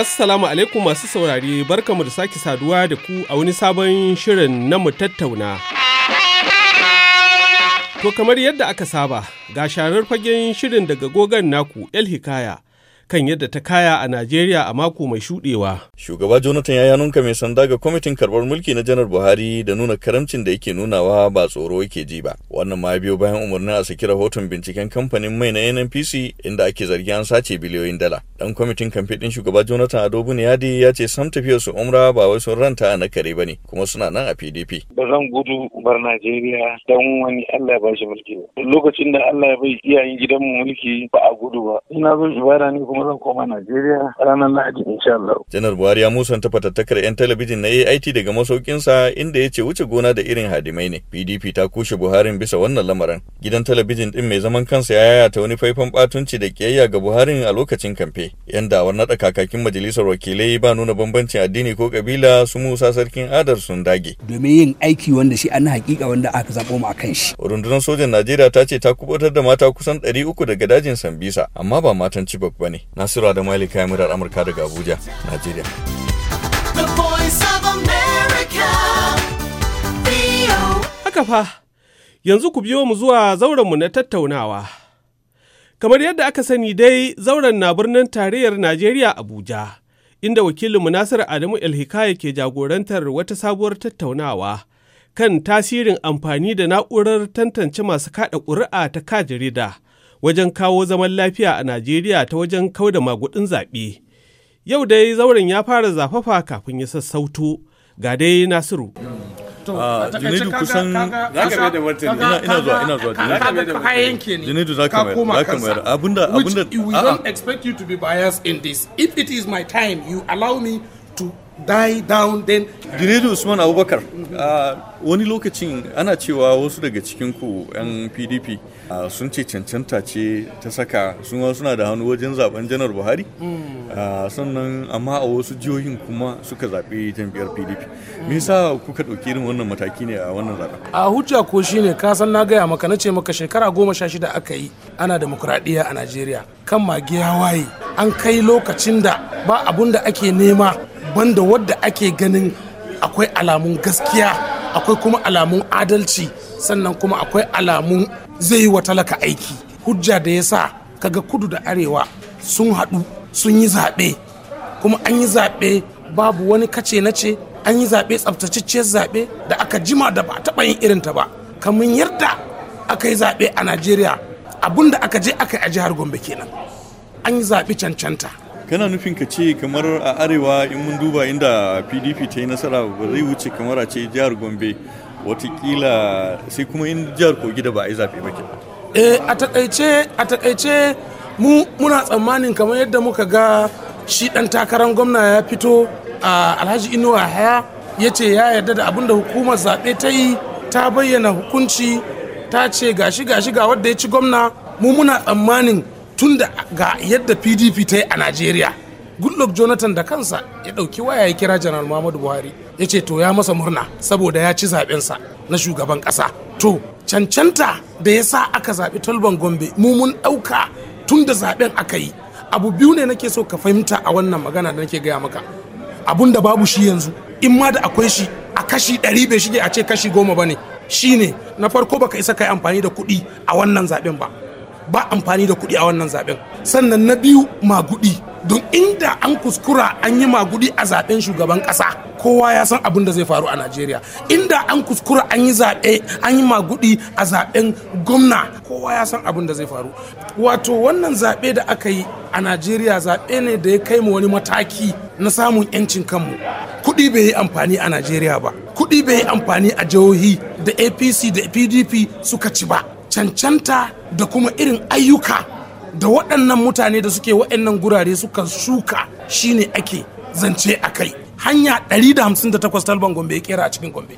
Assalamu alaikum masu saurari mu da sake saduwa da ku a wani sabon shirin na mu tattauna. To kamar yadda aka saba, ga sharar fagen shirin daga gogan naku El Hikaya. kan yadda ta kaya a Najeriya a mako mai shuɗewa. Shugaba Jonathan ya yanunka mai sanda ga kwamitin karbar mulki na Janar Buhari da nuna karamcin da yake nunawa ba tsoro yake ji ba. Wannan ma biyo bayan umarnin a saki rahoton binciken kamfanin mai na NNPC inda ake zargi an sace biliyoyin dala. Dan kwamitin kamfe ɗin shugaba Jonathan Adobu Niyadi ya ce sam tafiyar su umra ba wai sun ranta na kare ba ne kuma suna nan a PDP. Ba zan gudu bar Najeriya dan wani Allah ya ba mulki ba. Lokacin da Allah ya bai iyayen gidanmu mulki ba a gudu ba. Ina zo ibada ne kuma kuma zan koma Najeriya ranar Lahadi insha Allah. Janar Buhari ya musanta fatattakar 'yan talabijin na AIT daga masaukinsa inda ya ce wuce gona da irin hadimai ne. PDP ta kushe Buharin bisa wannan lamarin. Gidan talabijin din mai zaman kansa ya yayata wani faifan batunci da kiyayya ga Buharin a lokacin kamfe. Yan dawar naɗa kakakin majalisar wakilai ba nuna bambancin addini ko kabila su Musa Sarkin Adar sun dage. Domin yin aiki wanda shi ana hakika wanda aka zaɓo mu a kan shi. Rundunar sojan Najeriya ta ce ta kubutar da mata kusan 300 daga dajin Sambisa amma ba matan Chibok ba ne. Nasiru da Malika murar Amurka daga Abuja, Najeriya. Haka fa, yanzu ku biyo mu zuwa zaurenmu na tattaunawa. Kamar yadda aka sani dai, zauren na birnin tarayyar Najeriya Abuja, inda wakilinmu Nasiru Adamu Elhikaya ke jagorantar wata sabuwar tattaunawa kan tasirin amfani da na'urar tantance masu kaɗa ƙuri'a ta ka jarida. wajen kawo zaman lafiya a Najeriya ta wajen kau da magudin zaɓe. Yau dai zauren ya fara zafafa kafin ya sassauto ga dai Nasiru. Ah, Junaidu kusan ina zuwa ina zuwa Junaidu za ka mayar za ka mayar abinda abinda we don't expect you to be biased in this if it is my time you allow me to die down then Junaidu Usman Abubakar wani lokacin ana cewa wasu daga cikin ku yan PDP sun ce cancanta ce ta saka sun suna da hannu wajen zaben janar Buhari hmm. sannan amma a wasu jihohin kuma suka zaɓe jam'iyyar PDP hmm. me yasa kuka ɗauki irin wannan mataki ne a wannan zaben a hujja ko shine ka san na gaya maka na ce maka shekara goma sha shida aka yi ana demokradiyya a Najeriya kan mage hawaye an kai lokacin da ba abun da ake nema banda wadda ake ganin akwai alamun gaskiya akwai kuma alamun adalci sannan kuma akwai alamun zai yi wa talaka aiki hujja da ya sa kaga kudu da arewa sun haɗu sun yi zaɓe kuma an yi zaɓe babu wani kace na ce an yi zaɓe tsabtacicciyar zaɓe da aka jima da ba a taɓa yin ta ba kamar yadda aka yi zaɓe a najeriya abinda aka je aka yi a jihar gombe kenan an yi zaɓe cancanta kana nufin ka ce kamar a arewa in mun duba inda pdp ta yi nasara ba zai wuce kamar a ce jihar gombe watakila sai kuma in jihar kogi da ba a yi ba ke eh, a takaice muna tsammanin kamar yadda muka ga shi ɗan takarar gwamna ya fito a alhaji inuwa haya ya ce ya yarda da abin da hukumar zaɓe ta yi ta bayyana hukunci ta ce gashi gashi ga wadda ya ci gwamna mu muna tsammanin tun da ga yadda pdp ta yi a najeriya goodluck jonathan da kansa ya ɗauki waya ya kira janar muhammadu buhari ya ce to ya masa murna saboda ya ci zaɓensa na shugaban ƙasa to cancanta da ya sa aka zaɓi talban gombe mu mun ɗauka tun da zaɓen aka yi abu biyu ne nake so ka fahimta a wannan magana da nake gaya maka abun da babu shi yanzu in ma da akwai shi a kashi ɗari bai shige a ce kashi goma ba ne Shi shine na farko baka isa ka yi amfani da kuɗi a wannan zaɓen ba ba amfani da kuɗi a wannan zaɓen sannan na biyu magudi don inda an kuskura an yi magudi a zaɓen shugaban ƙasa kowa ya san abin da zai faru a najeriya inda an kuskura an yi zaɓe an yi magudi a zaɓen gwamna kowa ya san abin da zai faru wato wannan zaɓe da aka yi a najeriya zaɓe ne da ya kai mu wani mataki na samun 'yancin kanmu kuɗi bai yi amfani a najeriya ba kuɗi bai yi amfani a jihohi da apc da pdp suka ci ba cancanta da kuma irin ayyuka da waɗannan mutane da suke waɗannan gurare suka shuka shine ake zance a kai hanya 158 talban gombe ya kera a cikin gombe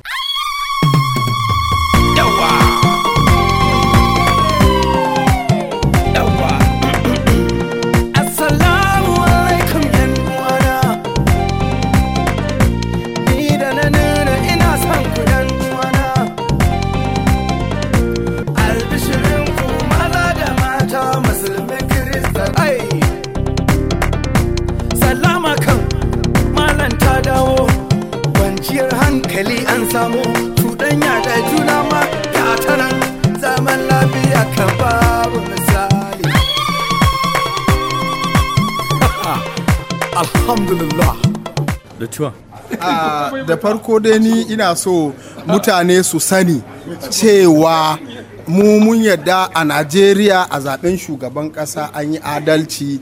mutuwa da farko dai ni ina so mutane su sani cewa mu mun yadda a najeriya a zaben shugaban kasa an yi adalci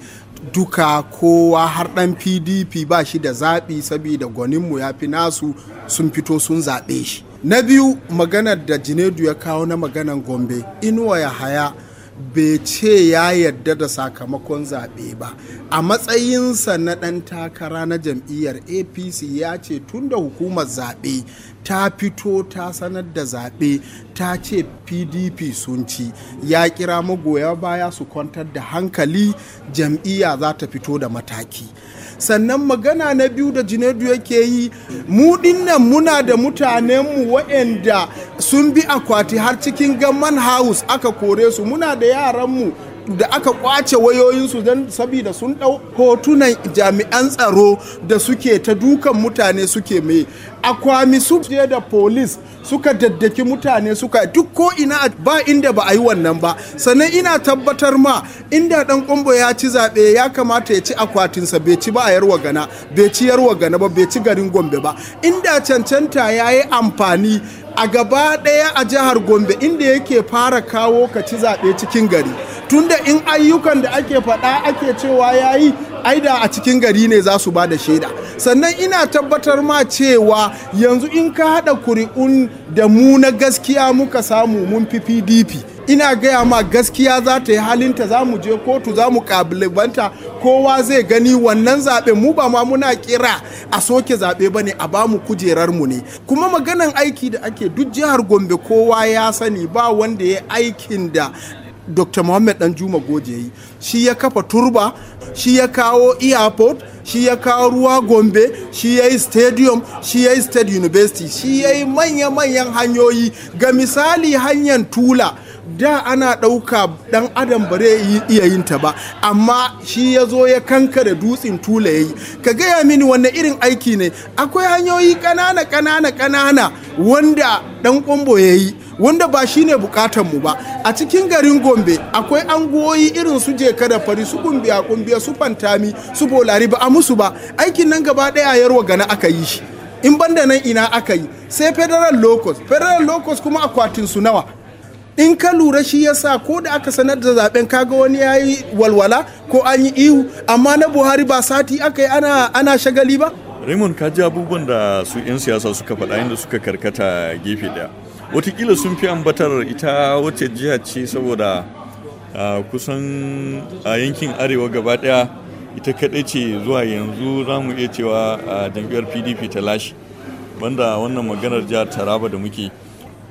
duka kowa har dan pdp ba shi da zaɓi saboda gwaninmu ya fi nasu sun fito sun zaɓe shi na biyu maganar da jinedu ya kawo na maganar gombe inuwa ya haya bai ce ya yarda da sakamakon zaɓe ba a matsayinsa na ɗan takara na jam'iyyar apc ya ce tun da hukumar zaɓe ta fito ta sanar da zaɓe ta ce pdp sun ci ya kira magoya baya su kwantar da hankali jam'iyya za ta fito da mataki sannan magana na biyu da jinadu yake yi mu dinnan muna da mutanenmu waɗanda sun bi akwati har cikin gamman house aka kore su muna da yaranmu da aka kwace wayoyinsu don saboda sun dau hotunan jami'an tsaro da suke ta dukan mutane suke mai akwami su je da polis suka daddaki mutane suka duk ko ina ba inda ba a yi wannan ba sannan ina tabbatar ma inda dan kumbo ya ci zaɓe ya kamata ya ci akwatinsa bai ci ba a yarwa gana bai ci yarwa gana ba bai ci garin gombe ba inda cancanta ya yi amfani a gaba ɗaya a jihar gombe inda yake fara kawo ka ci zaɓe cikin gari tunda in ayyukan da ake faɗa ake cewa yayi, yi aida a cikin gari ne za su ba da shaida sannan ina tabbatar ma cewa yanzu in ka haɗa kuri'un da mu na gaskiya muka samu mun fi pdp ina gaya ma gaskiya za ta yi halinta za mu je kotu za mu banta, kowa zai gani wannan zaɓe mu ba ma muna kira a soke zaɓe ba ne a ba mu kujerar mu ne kuma maganan aiki da ake duk jihar gombe kowa ya sani ba wanda ya aikin da dr Mohammed dan juma goje yi shi ya kafa turba shi ya kawo airport shi ya kawo ruwa gombe shi ya yi stadium shi ya yi state university shi ya yi manya-manyan hanyoyi ga misali hanyar tula da ana ɗauka ɗan adam ba zai iya yin ta ba amma shi ya zo ya kanka da dutsen tula ya yi ka gaya mini wanne irin aiki ne akwai hanyoyi ƙanana ƙanana ƙanana wanda ɗan ƙwambo ya yi wanda ba shine bukatan mu ba a cikin garin gombe akwai angoyi irin su jeka da fari su kumbiya kumbiya su fantami su bolari ba a musu ba aikin nan gaba daya yarwa gana aka yi shi in banda nan ina aka yi sai federal locus federal locus kuma akwatin su nawa in ka lura shi ya sa ko da aka sanar da zaben kaga wani ya yi walwala ko an yi ihu amma na buhari ba sati aka yi ana, shagali ba raymond ka ji abubuwan da su 'yan siyasa suka faɗa inda suka karkata gefe daya watakila sun fi ambatar ita wacce jiha ce saboda kusan a yankin arewa gaba daya ita kaɗai ce zuwa yanzu za mu iya cewa a jam'iyyar pdp ta lashe banda wannan maganar jihar taraba da muke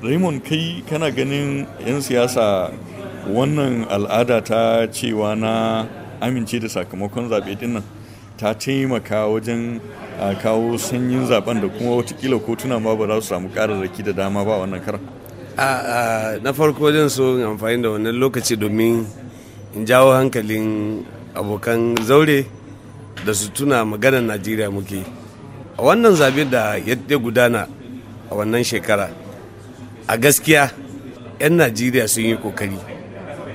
raymond kai kana ganin 'yan siyasa wannan al'ada ta cewa na amince da sakamakon zaɓe dinnan. ta taimaka wajen kawo sanyin zaben da kuma watakila kotuna ma ba za su samu kararraki da dama ba wannan kara na farko zan so amfani da wannan lokaci domin in jawo hankalin abokan zaure da su tuna maganar najeriya muke a wannan zabe da ya gudana a wannan shekara a gaskiya 'yan najeriya sun yi kokari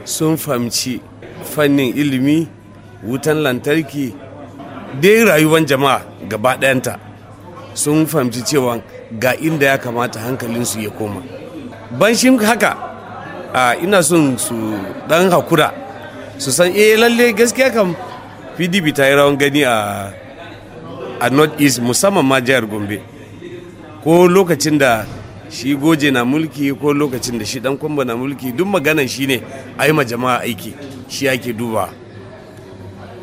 sun fahimci fannin ilimi wutan lantarki dai rayuwar jama'a gaba ɗayanta sun fahimci cewa ga inda ya kamata hankalinsu ya koma ban shi haka ina son su dan hakura su san eh lalle gaskiya kam pdp ta yi rawan gani a a north east musamman ma jihar gombe ko lokacin da shi goje na mulki ko lokacin da shi dan kwamba na mulki duk maganan shi ne a yi ma jama'a aiki shi ake duba.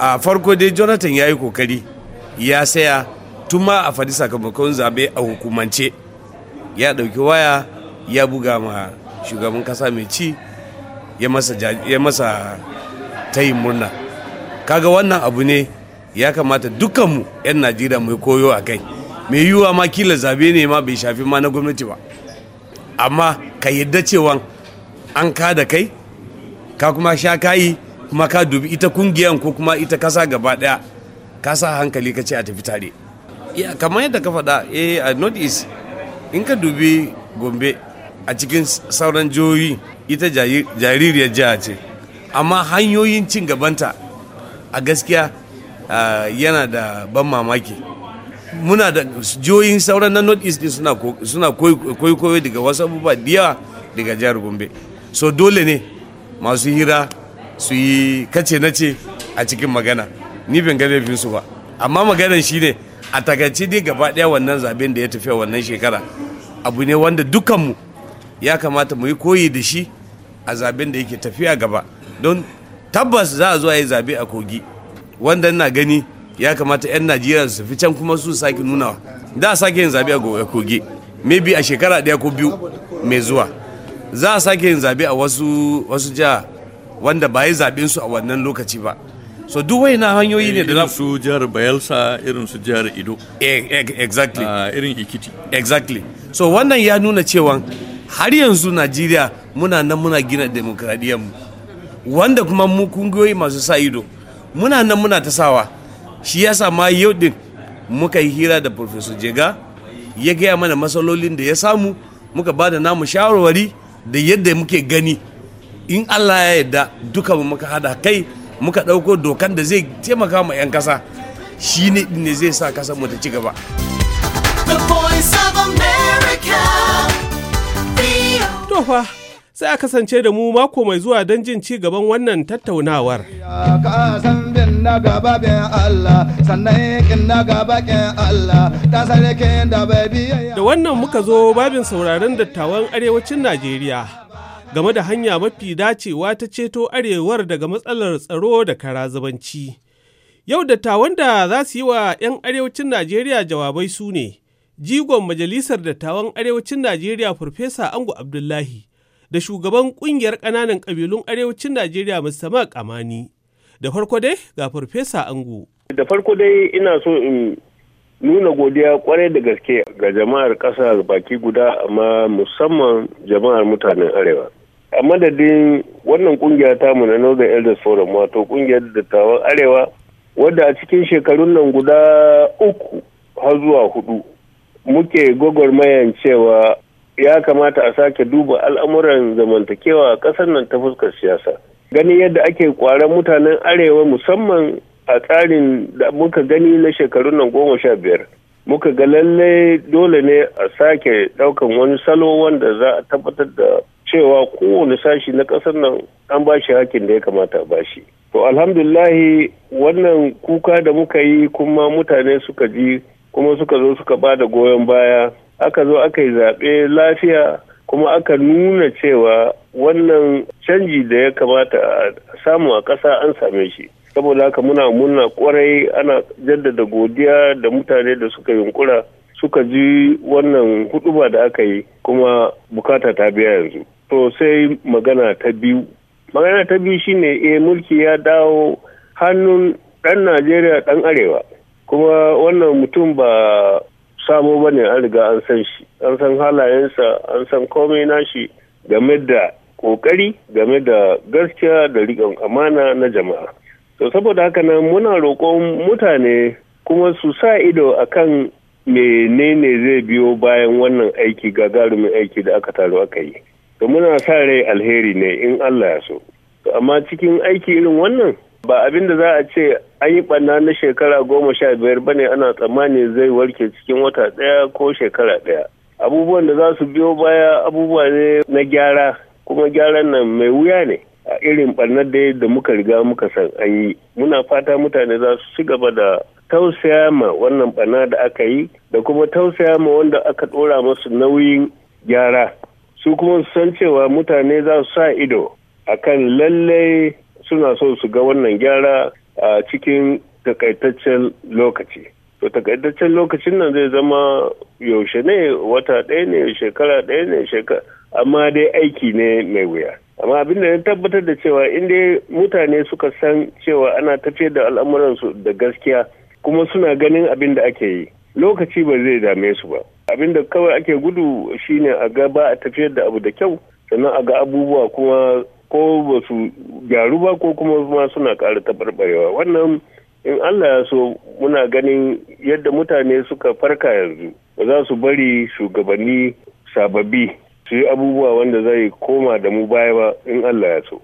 a farko dai jonathan ya yi kokari ya saya tun ma a faɗi sakamakon zaɓe a hukumance ya ɗauki waya ya buga ma shugaban ƙasa mai ci ya masa tayin murna kaga wannan abu ne ya kamata dukkanmu 'yan najeriya mai koyo a kai mai yiwuwa ma kila zaɓe ne ma bai shafi ma na gwamnati ba amma ka yadda cewa an ka da kai ka kuma sha kayi kuma ka dubi ita kungiyan ko kuma ita kasa gaba daya ka hankali ka ce a tafi tare kamar yadda ka faɗa eh a north in ka dubi gombe a cikin sauran jihohi ita jaririyar jiha ce amma hanyoyin cin gabanta a gaskiya yana da ban mamaki muna da jihohin sauran na north east suna koyi-koyi daga wasu abubuwa da daga jihar gombe so dole ne masu hira su yi kace na ce a cikin magana ni ban ga laifin su ba amma maganar shi ne a takaice dai gaba ɗaya wannan zaben da ya tafi wannan shekara abu ne wanda dukanmu ya kamata mu yi koyi da shi a zaben da yake tafiya gaba don tabbas za a zo a yi zabe a kogi wanda na gani ya kamata 'yan najeriya su fi can kuma su sake nunawa da a sake yin zabe a kogi maybe a shekara daya ko biyu mai zuwa za a sake yin zabe a wasu wasu jiha wanda ba yi zaɓe su a wannan lokaci ba so duk wai na hanyoyi ne da su jihar bayelsa irin su jihar ido e, e, exactly ah, irin ikiti exactly so wannan ya nuna cewa har yanzu najeriya muna nan muna gina mu wanda kuma mu kungiyoyi masu sa ido muna nan muna ta sawa shi yasa ma yau din muka yi hira da professor jega ya gaya mana matsalolin da ya samu muka ba da namu shawarwari da yadda muke gani in allah ya yarda duka muka hada kai muka ɗauko dokan da zai taimaka ma 'yan ƙasa shi ne ne zai sa ƙasar mu ta ci gaba tofa sai a kasance da mu mako mai zuwa don jin ci gaban wannan tattaunawar da wannan muka zo babin sauraron dattawan arewacin najeriya game da hanya mafi dacewa ta ceto arewar daga matsalar tsaro da kara karazubanci. Yau dattawan da za su yi wa 'yan arewacin Najeriya jawabai su ne, jigon Majalisar Dattawan Arewacin Najeriya Farfesa Angu Abdullahi da shugaban ƙungiyar ƙananan ƙabilun Arewacin Najeriya Mustama Kamani. Da farko dai ga Farfesa Angu. Da farko dai ina so in nuna godiya kwarai da gaske ga jama'ar ƙasa baki guda amma musamman jama'ar mutanen arewa a madadin wannan kungiya ta mu na Northern Elders Forum wato kungiyar dattawan Arewa wadda a cikin shekarun nan guda uku har zuwa hudu muke gwagwarmayan cewa ya kamata a sake duba al'amuran zamantakewa a ƙasar nan ta fuskar siyasa Gani yadda ake kwaran mutanen arewa musamman a tsarin da muka gani na shekarun nan goma sha biyar muka ga lalle dole ne a sake ɗaukan wani salo wanda za a tabbatar da cewa kowane sashi na ƙasar nan an ba shi hakin da ya kamata a bashi. To alhamdulahi wannan kuka da muka yi kuma mutane suka ji kuma suka zo suka ba da goyon baya aka zo aka yi zaɓe lafiya kuma aka nuna cewa wannan canji da ya kamata a samu a ƙasa an same shi. Saboda haka muna murna kwarai ana jaddada godiya da mutane da suka yunkura suka ji wannan huduba da aka yi kuma bukata ta biya yanzu. to sai magana ta biyu magana ta biyu shine eh mulki ya dawo hannun dan najeriya dan arewa kuma wannan mutum ba sabo ba ne an riga an san shi an san halayensa an san komai nashi game da kokari game da gaskiya da riƙon amana na jama'a to saboda haka nan muna roƙon mutane kuma su sa ido akan menene zai biyo bayan wannan aiki gagarumin aiki da aka taru aka yi to muna sa rai alheri ne in Allah ya so amma cikin aiki irin wannan ba abin da za a ce an yi ɓanna na shekara goma sha biyar ba ne ana tsammani zai warke cikin wata ɗaya ko shekara ɗaya abubuwan da za su biyo baya abubuwa ne na gyara kuma gyaran nan mai wuya ne a irin barnar da da muka riga muka san an yi muna fata mutane za su ci gaba da tausaya ma wannan barna da aka yi da kuma tausaya ma wanda aka ɗora masu nauyin gyara su kuma san cewa mutane za su sa ido a kan lallai suna so su ga wannan gyara a cikin takaitaccen lokaci to takaitaccen lokacin nan zai zama yaushe ne wata ɗaya ne shekara ɗaya ne shekara amma dai aiki ne mai wuya amma abin da ya tabbatar da cewa inda mutane suka san cewa ana tafiyar da al'amuransu da gaskiya kuma suna ganin abin da ake yi lokaci ba zai dame su ba abin da kawai ake gudu shine a ga ba a tafiyar da abu da kyau sannan a ga abubuwa kuma ko ba su gyaru ba ko kuma ma suna ƙara taɓarɓarewa wannan in Allah ya so muna ganin yadda mutane suka farka yanzu ba za su bari shugabanni sababbi su yi abubuwa wanda zai koma da mu baya ba in Allah ya so.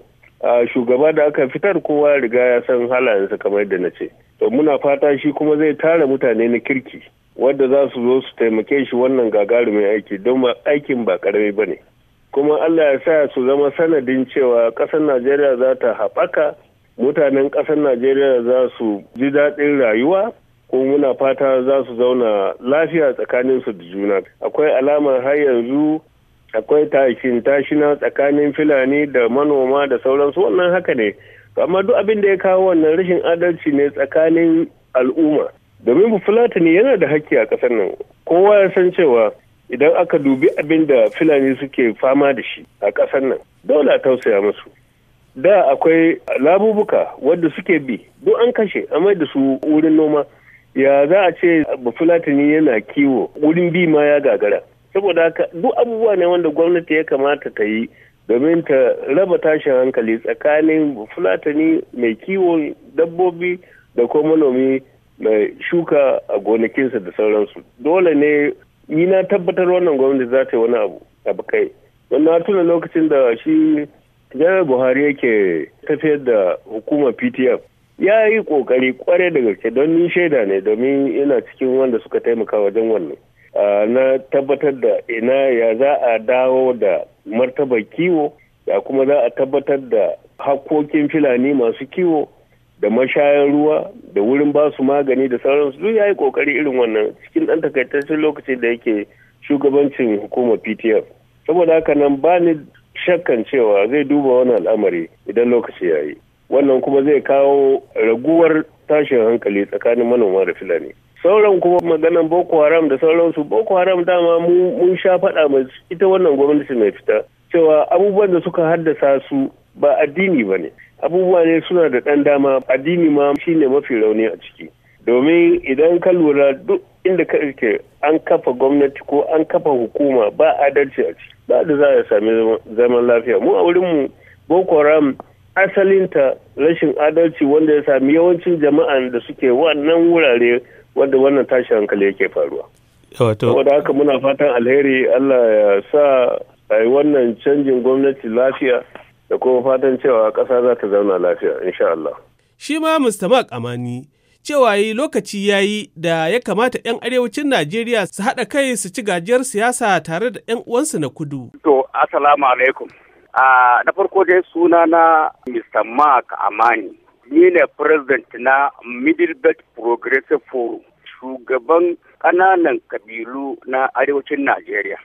shugaba da aka fitar kowa riga ya san halayensa kamar da na ce to muna fata shi kuma zai tara mutane na kirki wadda za su zo su taimake shi wannan gagarumin aiki don aikin ba karami ba ne kuma allah ya sa su zama sanadin cewa ƙasar najeriya za ta haɓaka mutanen ƙasar najeriya za su ji daɗin rayuwa kuma muna fata za su zauna lafiya tsakaninsu da juna akwai alamar har yanzu akwai tashin tashina tsakanin fulani da manoma da sauransu wannan haka ne amma duk abin da ya kawo wannan rashin adalci ne tsakanin al'umma domin ne yana da haƙƙi a ƙasar nan kowa ya san cewa idan aka dubi abin da fulani suke fama da shi a ƙasar nan dole a tausaya musu da akwai labubuka wadda suke bi duk an kashe amai da su wurin noma ya za a ce fulatani yana kiwo wurin bi ma ya gagara saboda haka duk abubuwa ne wanda gwamnati ya kamata ta yi domin ta raba tashin hankali tsakanin fulatani mai kiwon dabbobi da kuma manomi mai shuka a gonakinsa da sauransu dole ne yi na tabbatar wannan gwamnati za ta yi wani abu abu kai na tuna lokacin da shi jami'ar buhari yake tafiyar da hukumar ptf ya yi kokari kware da gaske don ni shaida ne domin yana cikin wanda suka taimaka wajen wannan na tabbatar da ina ya za a dawo da martabar kiwo ya kuma za a tabbatar da hakkokin filani masu kiwo da mashayan ruwa da wurin ba su magani da sauransu duk ya yi kokari irin wannan cikin ɗan takaitaccen lokacin da yake shugabancin hukumar ptf saboda haka nan ba ni shakkan cewa zai duba wani al'amari idan lokaci ya yi wannan kuma zai kawo raguwar tashin hankali tsakanin manoma da fulani sauran kuma maganan boko haram da sauransu boko haram dama mun sha faɗa mai ita wannan gwamnati mai fita cewa abubuwan da suka haddasa su ba addini ba ne abubuwa ne suna da ɗan dama addini ma shine mafi rauni a ciki domin idan ka lura duk inda ka ke an kafa gwamnati ko an kafa hukuma ba adalci a ciki ba da za a sami zaman lafiya mu a wurin mu. boko haram asalinta rashin adalci wanda ya sami yawancin jama'an da suke wannan wurare wanda wannan tashi hankali yake faruwa saboda haka muna fatan alheri allah ya sa a yi wannan canjin gwamnati lafiya da kuma fatan cewa ƙasa za ta zauna lafiya insha Allah. Shi ma Mr. Mark Amani cewa yi lokaci ya yi da ya kamata 'yan arewacin Najeriya su haɗa kai su ci gajiyar siyasa tare da 'yan uwansu na kudu. To, Assalamu alaikum. Ah, na farko dai suna na Mr. Mark Amani. ni ne president na middle Belt Progressive Forum, shugaban ƙananan kabilu na arewacin Najeriya.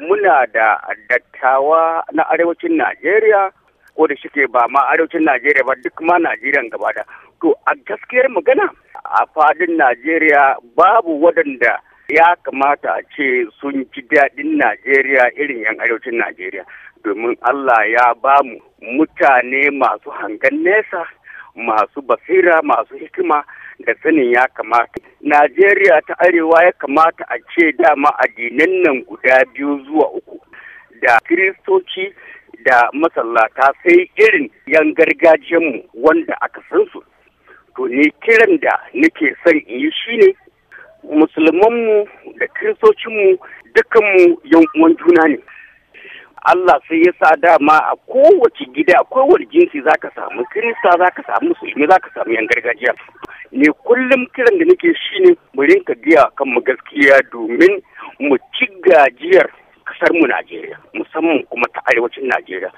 Muna da dattawa na arewacin Najeriya, ko da shike ba ma arewacin Najeriya ba duk ma Najeriya gaba da. To a gaskiyar magana a fadin Najeriya babu waɗanda ya kamata a ce sun ji daɗin Najeriya irin 'yan arewacin Najeriya. Domin Allah ya bamu mutane masu hangen nesa masu basira masu hikima da sanin ya kamata najeriya ta arewa ya kamata a ce dama addinan nan guda biyu zuwa uku da kiristoci da masallata sai irin yan gargajiyanmu wanda aka san su to ne kiran da nake son in yi shi ne. musulmanmu da kiristocinmu dukanmu yan uwan juna ne Allah sai ya sa dama a kowace gida a kowane jinsi za ka samu kirista za ka samu musulmi za ka samu yan gargajiya ne kullum kiran da nake shi ne mu rinka giya kan mu gaskiya domin mu ci gajiyar kasar mu Najeriya musamman kuma ta arewacin Najeriya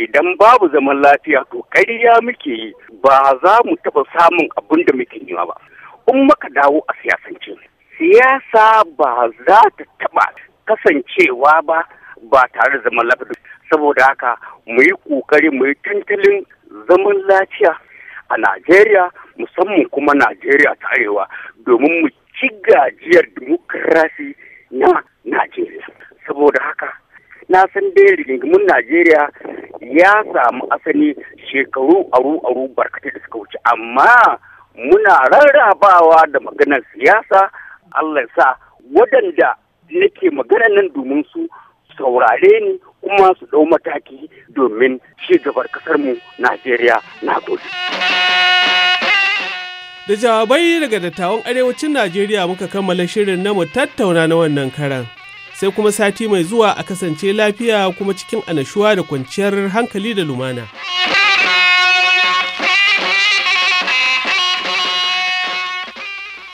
idan babu zaman lafiya to ƙarya muke yi ba za mu taɓa samun abin da muke nema ba in muka dawo a siyasance siyasa ba za ta taɓa kasancewa ba ba tare da zaman lafiya saboda haka mu yi kokari mu yi zaman lafiya a Najeriya musamman kuma Najeriya ta arewa domin mu ci gajiyar demokrasi na Najeriya saboda haka na san dai rigingimin Najeriya ya samu asali shekaru aru-aru barkatai da suka wuce amma muna rarrabawa da maganar siyasa Allah ya sa waɗanda nake magana nan domin su saurare ni kuma su ɗau mataki domin ci gabar ƙasarmu Najeriya na gode. Da jawabai daga dattawan arewacin Najeriya muka kammala shirin na mu tattauna na wannan karan. Sai kuma sati mai zuwa a kasance lafiya kuma cikin anashuwa da kwanciyar hankali da lumana.